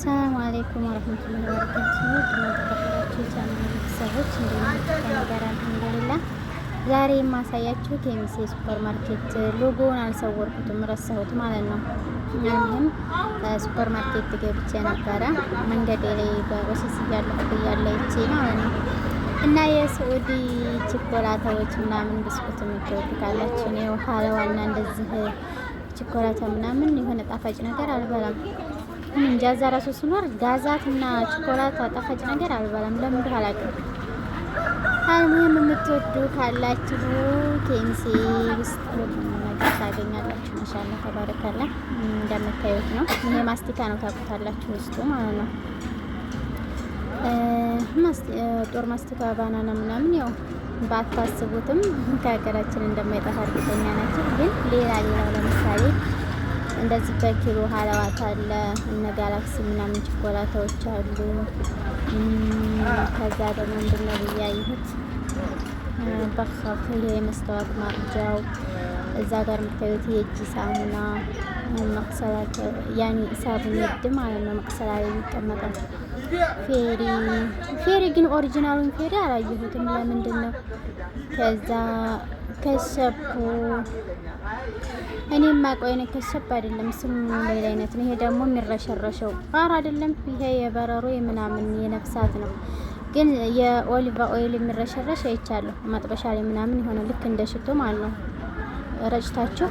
ሰላም አለይኩም ወረህመቱላሂ ወበረካቱህ። የተከበራችሁ ቤተሰቦች እንደሚገር አልሐምዱሊላህ። ዛሬ የማሳያችሁ ኬሚሴ ሱፐር ማርኬት ሎጎውን አልሰወርኩትም ረሳሁት ማለት ነው። ይህም ሱፐር ማርኬት ገብቼ ነበረ መንገድ ላይ በሮሰስ እያለፍኩ እያለ ይቼ ማለት ነው እና የስዑዲ ቸኮላታዎች ምናምን ብስኩት የምትወዱ ካላችሁ እኔ ሀለዋና እንደዚህ ቸኮላታ ምናምን የሆነ ጣፋጭ ነገር አልበላም ምንም ጃዛ ራሱ ስኖር ጋዛትና ቾኮላት ጣፋጭ ነገር አልበላም። ለምን እንደሆነ አላውቅም። አልሙም የምትወዱ ካላችሁ ኬሚሴ ውስጥ ነገር ታገኛላችሁ። ማሻአላ ተባረካላ። እንደምታዩት ነው። ይሄ ማስቲካ ነው፣ ታውቁታላችሁ። ውስጡ ማለት ነው ጦር ማስቲካ ባናና ምናምን ያው ባታስቡትም ከሀገራችን እንደማይጠፋ እርግጠኛ ናቸው። ግን ሌላ ሌላው ለምሳሌ እንደዚህ በኪሎ ሀላዋት አለ እነ ጋላክሲ ምናምን ችኮላታዎች አሉ። ከዛ ደግሞ ምንድነው ብያይሁት በካፍ ይሄ የመስታወት ማርጃው እዛ ጋር የምታዩት የእጅ ሳሙና ያኔ ሳቡን ይድ ማለት ነው። መቅሰላ የሚቀመጠው ፌሪ ፌሪ ግን ኦሪጂናሉን ፌሪ አላየሁትም። ለምንድን ነው ከዛ ከሰቡ እኔ ማቆይነ ከሰብ አይደለም ስሙ ሌላ አይነት ነው። ይሄ ደግሞ የሚረሸረሸው ባር አይደለም። ይሄ የበረሮ የምናምን የነፍሳት ነው። ግን የኦሊቫ ኦይል የሚረሸረሽ አይቻለሁ መጥበሻ ላይ ምናምን የሆነ ልክ እንደ ሽቶ ማለት ነው። ረጭታችሁ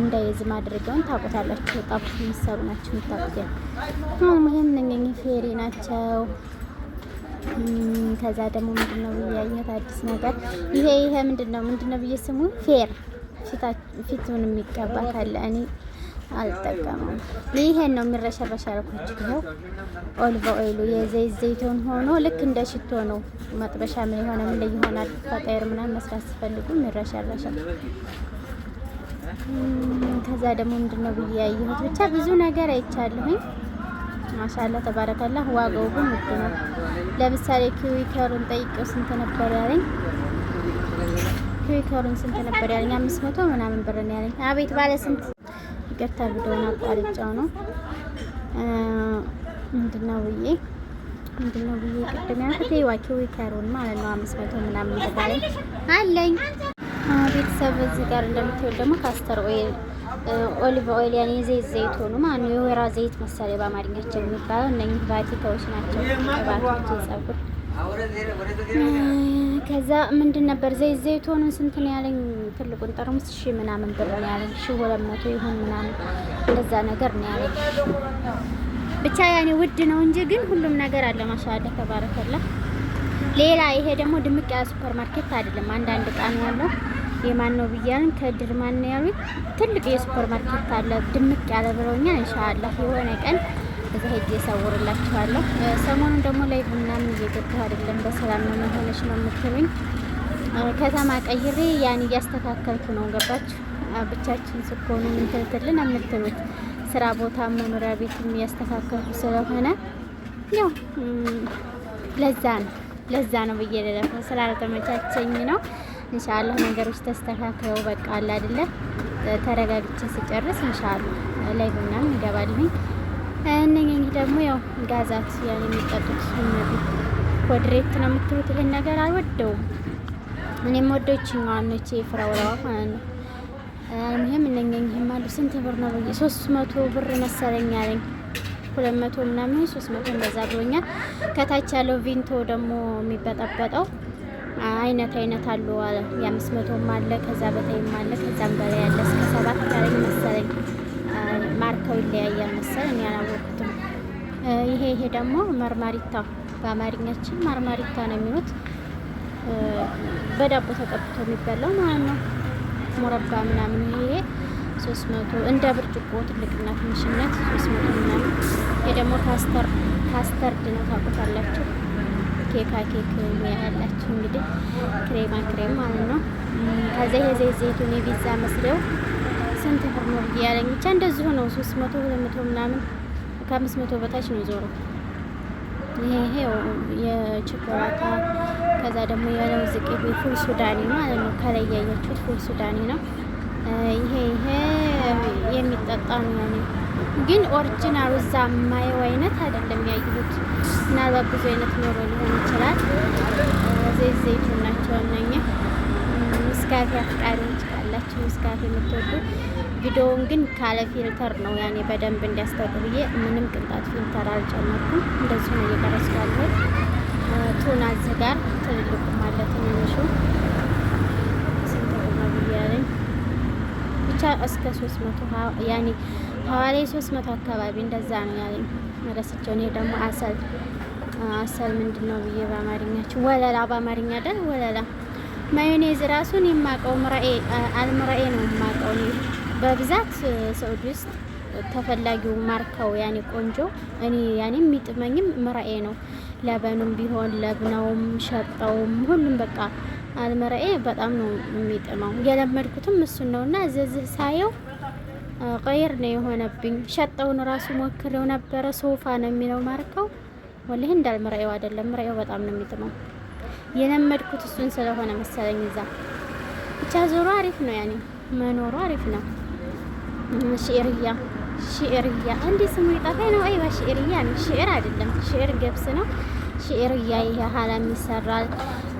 እንዳይዝ ማድረጊያውን ታቆታላችሁ። ጣብ የሚሰሩ ናቸው የምታቆያ ይህን ፌሪ ናቸው። ከዛ ደግሞ ምንድነው ያየሁት አዲስ ነገር ይሄ ይሄ ምንድነው ምንድነው ብዬ ስሙ ፌር ፊቱን የሚቀባ ካለ እኔ አልጠቀመም። ይሄን ነው የሚረሸረሽ ያልኳችሁ። ይኸው ኦልቭ ኦይሉ የዘይት ዘይቱን ሆኖ ልክ እንደ ሽቶ ነው። መጥበሻ ምን የሆነ ምን ላይ ይሆናል ፈቀየር ምናምን መስራት ሲፈልጉ የሚረሸረሻል። ከዛ ደግሞ ምንድነው ብዬ ያየሁት ብቻ ብዙ ነገር አይቻለሁኝ። ማሻላ ተባረከላ። ዋጋው ግን ውድ ነው። ለምሳሌ ኪዊከሩን ጠይቄው ስንት ነበር ያለኝ? ኪዊከሩን ስንት ነበር ያለኝ? አምስት መቶ ምናምን ብር ነው ያለኝ። አቤት ባለ ስንት ይቅርታ፣ ቪዲዮውን አቋርጫው ነው ምንድነው ብዬ ምንድነው ብዬ ቅድም ያልኩት ይዋ ኪዊከሩን ማለት ነው። አምስት መቶ ምናምን ብር አለኝ። ቤተሰብ እዚህ ጋር እንደምትወል ደግሞ ካስተር ኦይል ኦሊቭ ኦይል ያኔ ዘይት ዘይት ሆኖ ማን ነው። የወይራ ዘይት መሰለኝ በአማርኛቸው የሚባለው እነኚህ ባቲታዎች ናቸው። ባቲዎች የጸጉር ከዛ ምንድን ነበር ዘይት ዘይት ሆኖ ስንት ነው ያለኝ? ትልቁን ጠርሙስ ሺ ምናምን ብር ነው ያለኝ። ሺ ሁለት መቶ ይሁን ምናምን እንደዛ ነገር ነው ያለኝ። ብቻ ያኔ ውድ ነው እንጂ ግን ሁሉም ነገር አለ። ማሻአላ ተባረከላ። ሌላ ይሄ ደግሞ ድምቅ ያለ ሱፐር ማርኬት አይደለም። አንዳንድ ዕቃ ነው ያለው የማን ነው ብያለን። ከድር ማን ነው ያሉት። ትልቅ የሱፐር ማርኬት አለ ድምቅ ያለ ብለውኛል። ኢንሻአላህ የሆነ ቀን እዛ ሄጄ እሰውርላችኋለሁ። ሰሞኑን ደግሞ ላይ ቡናም እየገባሁ አይደለም። በሰላም ነው መሆነች ነው የምትሉኝ። ከተማ ቀይሬ ያን እያስተካከልኩ ነው። ገባችሁ? ብቻችን ስኮኑ ምንትልትልን የምትሉት ስራ ቦታ መኖሪያ ቤትም እያስተካከልኩ ስለሆነ ያው ለዛ ነው ለዛ ነው ብዬ ስላልተመቻቸኝ ነው። እንሻአላህ ነገሮች ተስተካክለው በቃ አለ አይደለ ተረጋግቼ ስጨርስ እንሻላ ላይ ምናምን ይገባልኝ። እነኚህ ደግሞ ያው ጋዛት ያን የሚጠጡት ኮድሬት ነው የምትሉት። ይህን ነገር አልወደውም። እኔም ወደችኛ ዋኖቼ ፍራውራዋ ማለት ነው። ይህም እነኚህም አሉ። ስንት ብር ነው? ብዬ ሶስት መቶ ብር መሰለኝ አለኝ። ሁለት መቶ ምናምን ሶስት መቶ እንደዛ ብሎኛል። ከታች ያለው ቪንቶ ደግሞ የሚበጠበጠው አይነት አይነት አሉ። የአምስት መቶም አለ፣ ከዛ በታይም አለ፣ ከዛም በላይ ያለ እስከ ሰባት ያለኝ መሰለኝ ማርከው ይለያያል መሰል እኔ አላወቅኩትም። ይሄ ይሄ ደግሞ መርማሪታ በአማርኛችን ማርማሪታ ነው የሚሉት። በዳቦ ተቀብቶ የሚበላው ማለት ነው። ሞረባ ምናምን ይሄ ሶስት መቶ እንደ ብርጭቆ ትልቅና ትንሽነት ሶስት መቶ ምናምን። ይሄ ደግሞ ካስተርድ ነው ታውቁታላችሁ። ኬካ ኬክ ያላችሁ እንግዲህ ክሬማ ክሬም ማለት ነው። ከዚያ የዘይ ዘይቱን የቪዛ መስሪያው ስንት ብር ነው ብያለኝ። ብቻ እንደዚሁ ነው። ሶስት መቶ ሁለት መቶ ምናምን ከአምስት መቶ በታች ነው ዞሮ ይሄው የቸኮላታ ከዛ ደግሞ የለውዝ ቅቤ ፉል ሱዳኒ ማለት ነው። ከላይ ያያችሁት ፉል ሱዳኒ ነው። ይሄ ይሄ የሚጠጣ ነው ያኔ ግን ኦሪጂናሉ እዛ ማየው አይነት አይደለም ያዩት። ምናልባት ብዙ አይነት ኖሮ ሊሆን ይችላል። ዘይት ዘይቱ ናቸው እነኛ ምስካፌ አፍቃሪ ካላችሁ ምስካፌ የምትወዱ ቪዲዮውን ግን ካለ ፊልተር ነው ያኔ በደንብ እንዲያስታውቅ ብዬ ምንም ቅንጣት ፊልተር አልጨመርኩም። እንደዚሁ ነው እየቀረጽ ያለሁት። ቱና እዚህ ጋር ትልልቁ ማለት ሚነሹ ስንት ብዬ ያለኝ ብቻ እስከ ሶስት መቶ ያኔ ሀዋላይ ሶስት መቶ አካባቢ እንደዛ ነው ያለኝ። መረስቸው እኔ ደግሞ አሰል አሰል ምንድን ነው ብዬ በአማርኛችሁ ወለላ፣ በአማርኛ ደ ወለላ ማዮኔዝ ራሱን የማቀው ምራኤ አልምራኤ ነው የማቀው በብዛት ሰዑድ ውስጥ ተፈላጊው ማርካው ያኔ ቆንጆ እኔ ያኔ የሚጥመኝም ምራኤ ነው። ለበኑም ቢሆን ለብነውም ሸጠውም ሁሉም በቃ አልምራኤ በጣም ነው የሚጥመው። የለመድኩትም እሱን ነው እና እዚህ ሳየው ቀይር ነው የሆነብኝ። ሸጠውን ራሱ ሞክሬው ነበረ። ሶፋ ነው የሚለው ማርከው ወላሂ እንዳልምራኤው አይደለም። ምራኤው በጣም ነው የሚጥመው። የለመድኩት እሱን ስለሆነ መሰለኝ እዛ ብቻ ዞሮ አሪፍ ነው ያኔ መኖሩ አሪፍ ነው። ሽዕርያ ሽዕርያ እንዴ ስሙ ይጣፋ ነው። አይዋ ሽዕርያ ነው። ሽዕር አይደለም። ሽዕር ገብስ ነው። ሽዕርያ ይሄ ሀላም ይሰራል፣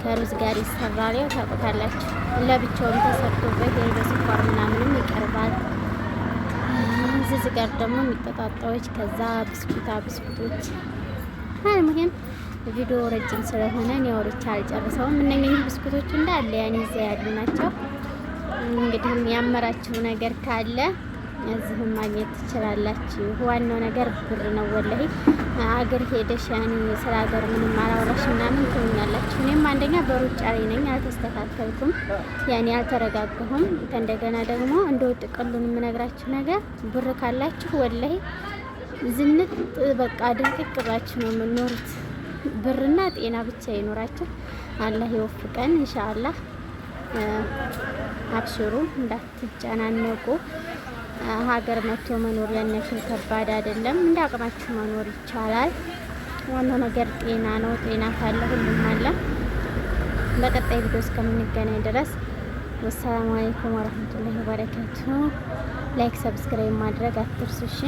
ከሩዝ ጋር ይሰራል። ያው ታውቁታላችሁ። ለብቻውም ተሰርቶበት ይሄ በስኳር ምናምንም ይቀርባል። እዚህ ጋር ደግሞ የሚጠጣጣዎች ከዛ ብስኩታ ብስኩቶች አልሙሄም ቪዲዮ ረጅም ስለሆነ እኔ አውርቼ አልጨርሰውም። እነኝህ ብስኩቶች እንዳለ ያን እዚያ ያሉ ናቸው። እንግዲህም ያመራችሁ ነገር ካለ እዚህም ማግኘት ትችላላችሁ። ዋናው ነገር ብር ነው። ወላሂ አገር ሄደሽ ያን ስለ ሀገር ምንም አላወራሽ ምናምን አንደኛ በሩጫ ላይ ነኝ፣ አልተስተካከልኩም፣ ያኔ አልተረጋጋሁም። ከእንደገና ደግሞ እንደው ጥቅሉን የምነግራችሁ ነገር ብር ካላችሁ ወላይ ዝንጥ በቃ ድንቅቅ ብላችሁ ነው የምኖሩት። ብርና ጤና ብቻ ይኖራችሁ፣ አላህ ይወፍቀን ኢንሻአላህ። አብሽሩ፣ እንዳትጨናነቁ። ሀገር መጥቶ መኖር ያነሽን ከባድ አይደለም። እንደ አቅማችሁ መኖር ይቻላል። ዋናው ነገር ጤና ነው። ጤና ካለ ሁሉም አለ። በቀጣይ ቪዲዮ እስከምንገናኝ ድረስ ወሰላሙ አለይኩም ወረህመቱላሂ ወበረካቱሁ። ላይክ ሰብስክራይብ ማድረግ አትርሱ። እሺ